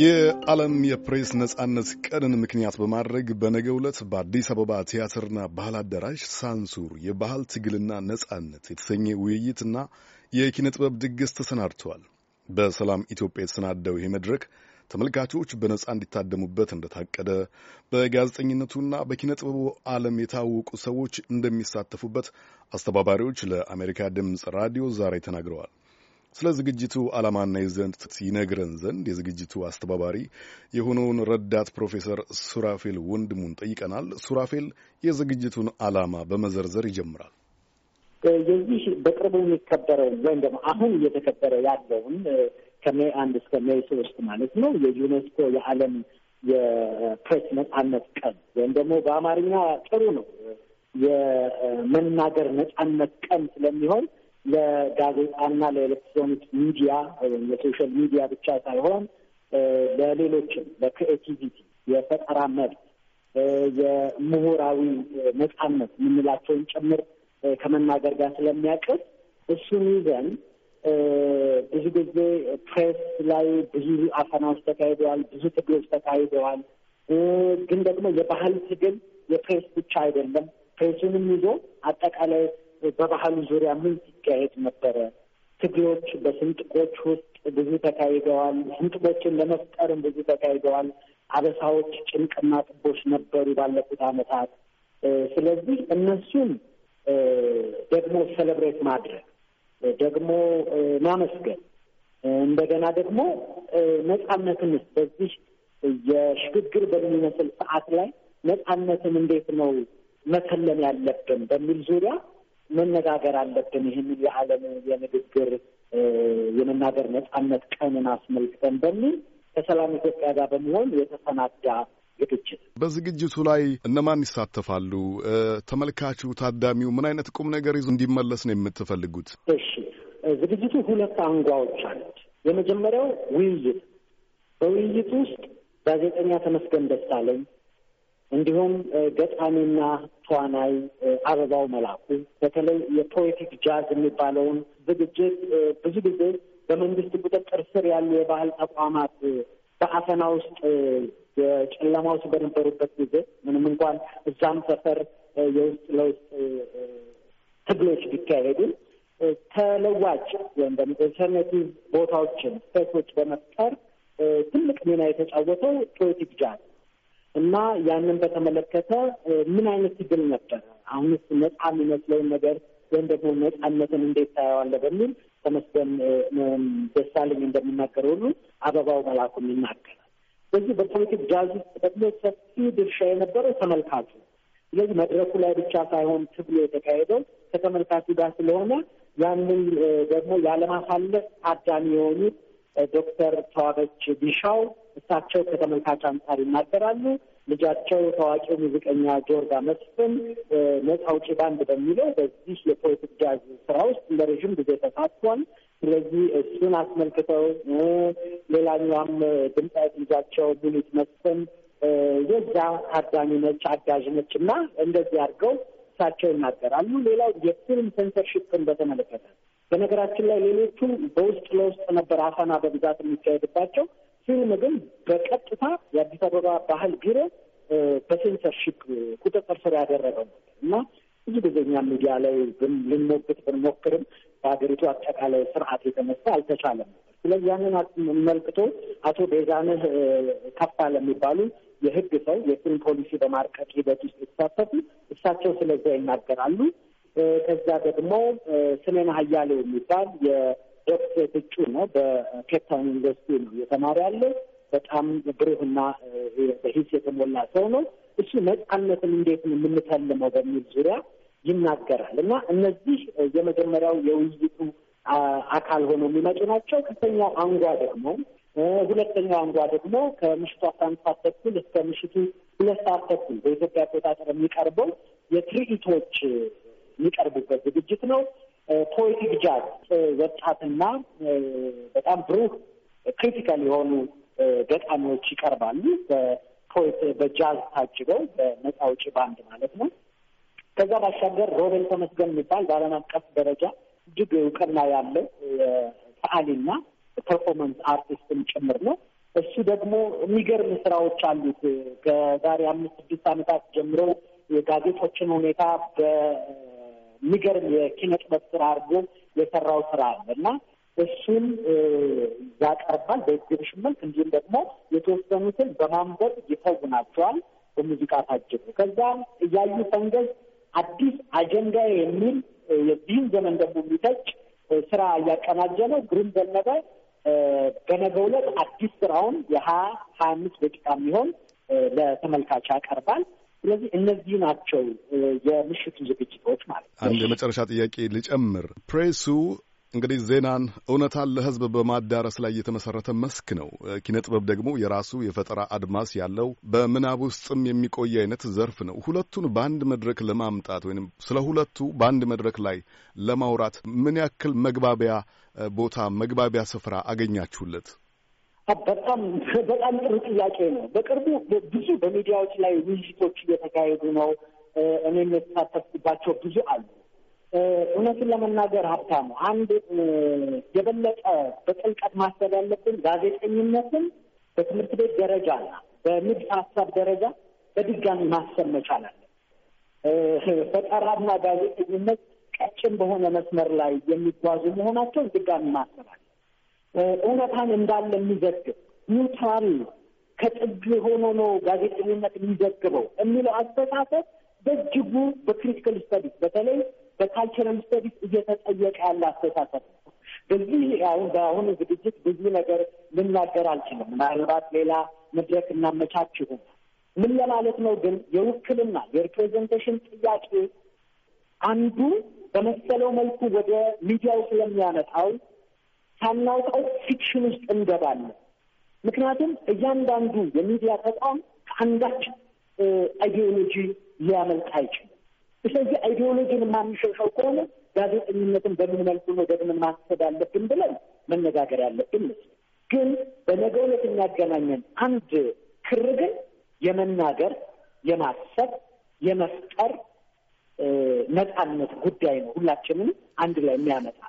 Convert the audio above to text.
የዓለም የፕሬስ ነጻነት ቀንን ምክንያት በማድረግ በነገ ዕለት በአዲስ አበባ ቲያትርና ባህል አዳራሽ ሳንሱር የባህል ትግልና ነጻነት የተሰኘ ውይይትና የኪነ ጥበብ ድግስ ተሰናድተዋል። በሰላም ኢትዮጵያ የተሰናደው ይህ መድረክ ተመልካቾች በነጻ እንዲታደሙበት እንደታቀደ በጋዜጠኝነቱና በኪነ ጥበቡ ዓለም የታወቁ ሰዎች እንደሚሳተፉበት አስተባባሪዎች ለአሜሪካ ድምፅ ራዲዮ ዛሬ ተናግረዋል። ስለ ዝግጅቱ ዓላማና ይዘት ይነግረን ዘንድ የዝግጅቱ አስተባባሪ የሆነውን ረዳት ፕሮፌሰር ሱራፌል ወንድሙን ጠይቀናል። ሱራፌል የዝግጅቱን ዓላማ በመዘርዘር ይጀምራል። የዚህ በቅርቡ የሚከበረው ወይም ደግሞ አሁን እየተከበረ ያለውን ከሜ አንድ እስከ ሜይ ሶስት ማለት ነው የዩኔስኮ የዓለም የፕሬስ ነጻነት ቀን ወይም ደግሞ በአማርኛ ጥሩ ነው የመናገር ነጻነት ቀን ስለሚሆን ለጋዜጣና ለኤሌክትሮኒክ ሚዲያ ወይም የሶሻል ሚዲያ ብቻ ሳይሆን ለሌሎችም ለክሬቲቪቲ የፈጠራ መብት የምሁራዊ ነጻነት የምንላቸውን ጭምር ከመናገር ጋር ስለሚያቅብ እሱን ይዘን ብዙ ጊዜ ፕሬስ ላይ ብዙ አፈናዎች ተካሂደዋል፣ ብዙ ትግሎች ተካሂደዋል። ግን ደግሞ የባህል ትግል የፕሬስ ብቻ አይደለም። ፕሬሱንም ይዞ አጠቃላይ በባህሉ ዙሪያ ምን ሲካሄድ ነበረ? ትግሎች በስንጥቆች ውስጥ ብዙ ተካሂደዋል። ስንጥቆችን ለመፍጠርም ብዙ ተካሂደዋል። አበሳዎች፣ ጭንቅና ጥቦች ነበሩ ባለፉት ዓመታት። ስለዚህ እነሱን ደግሞ ሴሌብሬት ማድረግ ደግሞ ማመስገን እንደገና ደግሞ ነጻነትን በዚህ የሽግግር በሚመስል ሰዓት ላይ ነጻነትን እንዴት ነው መከለም ያለብን በሚል ዙሪያ መነጋገር አለብን። ይህንን የዓለም የንግግር የመናገር ነጻነት ቀንን አስመልክተን በሚል ከሰላም ኢትዮጵያ ጋር በመሆን የተሰናዳ ዝግጅት በዝግጅቱ ላይ እነማን ይሳተፋሉ? ተመልካቹ፣ ታዳሚው ምን አይነት ቁም ነገር ይዞ እንዲመለስ ነው የምትፈልጉት? እሺ፣ ዝግጅቱ ሁለት አንጓዎች አሉት። የመጀመሪያው ውይይት። በውይይቱ ውስጥ ጋዜጠኛ ተመስገን ደሳለኝ እንዲሁም ገጣሚና ተዋናይ አበባው መላኩ በተለይ የፖኤቲክ ጃዝ የሚባለውን ዝግጅት ብዙ ጊዜ በመንግስት ቁጥጥር ስር ያሉ የባህል ተቋማት በአፈና ውስጥ የጨለማ ውስጥ በነበሩበት ጊዜ ምንም እንኳን እዛም ሰፈር የውስጥ ለውስጥ ትግሎች ቢካሄዱ ተለዋጭ ወይም ደግሞ ኢንተርኔቲቭ ቦታዎችን ሴቶች በመፍጠር ትልቅ ሚና የተጫወተው ፖኤቲክ ጃዝ እና ያንን በተመለከተ ምን አይነት ትግል ነበረ? አሁንስ ነጻ የሚመስለውን ነገር ወይም ደግሞ ነጻነትን እንዴት ታየዋለ? በሚል ተመስገን ደሳለኝ እንደሚናገር ሁሉ አበባው መላኩም ይናገራል። ስለዚህ በፖለቲክ ጃዝ ውስጥ ደግሞ ሰፊ ድርሻ የነበረው ተመልካቹ። ስለዚህ መድረኩ ላይ ብቻ ሳይሆን ትግሉ የተካሄደው ከተመልካቹ ጋር ስለሆነ ያንን ደግሞ ያለማሳለፍ ታዳሚ የሆኑት ዶክተር ተዋበች ቢሻው እሳቸው ከተመልካች አንጻር ይናገራሉ። ልጃቸው ታዋቂው ሙዚቀኛ ጆርጋ መስፍን ነጻ አውጪ ባንድ በሚለው በዚህ የፖለቲክ ጃዝ ስራ ውስጥ ለረዥም ጊዜ ተሳትፏል። ስለዚህ እሱን አስመልክተው ሌላኛዋም ድምፃዊት ልጃቸው ሙሉት መስፍን የዛ ታዳሚ ነች፣ አጋዥ ነች እና እንደዚህ አድርገው እሳቸው ይናገራሉ። ሌላው የፊልም ሴንሰርሽፕን በተመለከተ በነገራችን ላይ ሌሎቹ በውስጥ ለውስጥ ነበር አፈና በብዛት የሚካሄድባቸው ፊልም ግን በቀጥታ የአዲስ አበባ ባህል ቢሮ በሴንሰርሺፕ ቁጥጥር ስር ያደረገው ነበር እና ብዙ ጊዜ እኛ ሚዲያ ላይ ልንሞግት ብንሞክርም በሀገሪቱ አጠቃላይ ስርዓት የተነሳ አልተቻለም። ነበር። ስለዚህ ያንን መልክቶ አቶ ቤዛንህ ከፋ ለሚባሉ የህግ ሰው የፊልም ፖሊሲ በማርቀቅ ሂደት ውስጥ የተሳተፉ እሳቸው ስለዚያ ይናገራሉ። ከዛ ደግሞ ስሜን ሀያሌ የሚባል ዶክተር ብጩ ነው። በኬፕታውን ዩኒቨርሲቲ ነው እየተማረ ያለው። በጣም ብሩህና በሂስ የተሞላ ሰው ነው። እሱ ነጻነትን እንዴት ነው የምንፈልመው በሚል ዙሪያ ይናገራል እና እነዚህ የመጀመሪያው የውይይቱ አካል ሆኖ የሚመጡ ናቸው። ከተኛው አንጓ ደግሞ ሁለተኛው አንጓ ደግሞ ከምሽቱ አስራ አንድ ሰዓት ተኩል እስከ ምሽቱ ሁለት ሰዓት ተኩል በኢትዮጵያ አቆጣጠር የሚቀርበው የትርኢቶች የሚቀርቡበት ዝግጅት ነው። ወጣትና በጣም ብሩህ ክሪቲካል የሆኑ ገጣሚዎች ይቀርባሉ። በፖት በጃዝ ታጅበው በነፃ አውጪ ባንድ ማለት ነው። ከዛ ባሻገር ሮቤል ተመስገን የሚባል በዓለም አቀፍ ደረጃ እጅግ እውቅና ያለው ሰዓሊና ፐርፎርማንስ አርቲስትም ጭምር ነው። እሱ ደግሞ የሚገርም ስራዎች አሉት። ከዛሬ አምስት ስድስት ዓመታት ጀምሮ የጋዜጦችን ሁኔታ በ የሚገርም የኪነ ጥበብ ስራ አድርጎ የሰራው ስራ አለ እና እሱን ያቀርባል በኤግዚቢሽን መልክ። እንዲሁም ደግሞ የተወሰኑትን በማንበብ ይተውናቸዋል። በሙዚቃ ታጅቡ። ከዛ እያዩ ፈንገዝ አዲስ አጀንዳ የሚል የዚህም ዘመን ደግሞ የሚተጭ ስራ እያቀናጀ ነው። ግሩም ዘነበ በነገ ዕለት አዲስ ስራውን የሀያ ሀያ አምስት ደቂቃ የሚሆን ለተመልካች ያቀርባል። ስለዚህ እነዚህ ናቸው የምሽቱ ዝግጅቶች ማለት ነው። አንድ የመጨረሻ ጥያቄ ልጨምር። ፕሬሱ እንግዲህ ዜናን፣ እውነታን ለሕዝብ በማዳረስ ላይ የተመሰረተ መስክ ነው። ኪነ ጥበብ ደግሞ የራሱ የፈጠራ አድማስ ያለው በምናብ ውስጥም የሚቆይ አይነት ዘርፍ ነው። ሁለቱን በአንድ መድረክ ለማምጣት ወይም ስለ ሁለቱ በአንድ መድረክ ላይ ለማውራት ምን ያክል መግባቢያ ቦታ፣ መግባቢያ ስፍራ አገኛችሁለት? በጣም በጣም ጥሩ ጥያቄ ነው። በቅርቡ ብዙ በሚዲያዎች ላይ ውይይቶች እየተካሄዱ ነው። እኔም የተሳተፍኩባቸው ብዙ አሉ። እውነቱን ለመናገር ሀብታሙ፣ አንድ የበለጠ በጥልቀት ማሰብ ያለብን ጋዜጠኝነትን በትምህርት ቤት ደረጃ እና በንድፈ ሀሳብ ደረጃ በድጋሚ ማሰብ መቻል አለ። ፈጠራና ጋዜጠኝነት ቀጭን በሆነ መስመር ላይ የሚጓዙ መሆናቸውን ድጋሚ ማሰብ አለ። እውነታን እንዳለ የሚዘግብ ኒውትራል ነው፣ ከጥግ ሆኖ ነው ጋዜጠኝነት የሚዘግበው የሚለው አስተሳሰብ በእጅጉ በክሪቲካል ስተዲስ በተለይ በካልቸራል ስተዲስ እየተጠየቀ ያለ አስተሳሰብ ነው። በዚህ አሁን በአሁኑ ዝግጅት ብዙ ነገር ልናገር አልችልም። ምናልባት ሌላ መድረክ እናመቻች ይሆን። ምን ለማለት ነው ግን የውክልና የሪፕሬዘንቴሽን ጥያቄ አንዱ በመሰለው መልኩ ወደ ሚዲያው ስለሚያመጣው ሳናውቀው ፊክሽን ውስጥ እንገባለን። ምክንያቱም እያንዳንዱ የሚዲያ ተቋም ከአንዳች አይዲዮሎጂ ሊያመልጥ አይችልም። ስለዚህ አይዲዮሎጂን የማንሸሸው ከሆነ ጋዜጠኝነትን በምን መልኩ ነው ደግመን ማሰብ አለብን ብለን መነጋገር ያለብን ምስ ግን በነገ ዕለት የሚያገናኘን አንድ ክር ግን የመናገር የማሰብ የመፍጠር ነፃነት ጉዳይ ነው። ሁላችንም አንድ ላይ የሚያመጣ